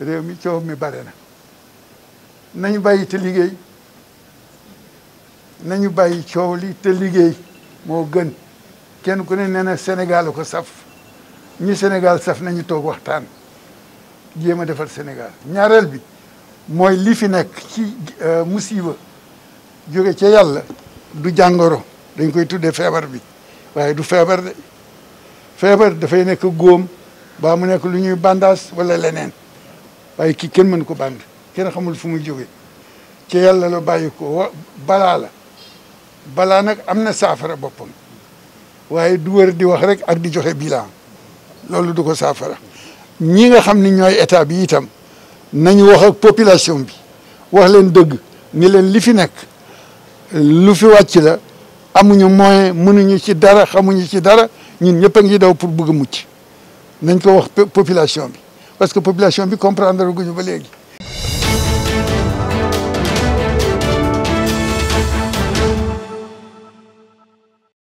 réew mi coow mi bare na nañu bàyyi te liggéey nañu bàyyi coow li te liggéey moo gën kenn ku ne nee na Sénégal ko saf ñi Sénégal saf nañu toog waxtaan jéem a defar senegal ñaareel bi mooy li fi nekk ci euh, musiba jóge ca yàlla du jàngoro dañ koy tuddee feebar bi waaye du feebar de feebar dafay nekk góom baa mu nekk lu ñuy bandaas wala leneen waaye kii kenn mën ko bànd kenn xamul fu muy jógee ci yàlla la bàyyi ko balaa la balaa nag am na saafara boppam waaye du wër di wax rek ak di joxe bilan loolu du ko saafara ñi nga xam ni ñooy état bi itam nañu wax ak population bi wax leen dëgg ni leen li fi nekk lu fi wàcc la amuñu moyen mënuñu ci dara xamuñu ci dara ñun ñëpp a ngi daw pour bugg a mucc nañ ko wax population bi parce que population bi comprendre guñu ba léegi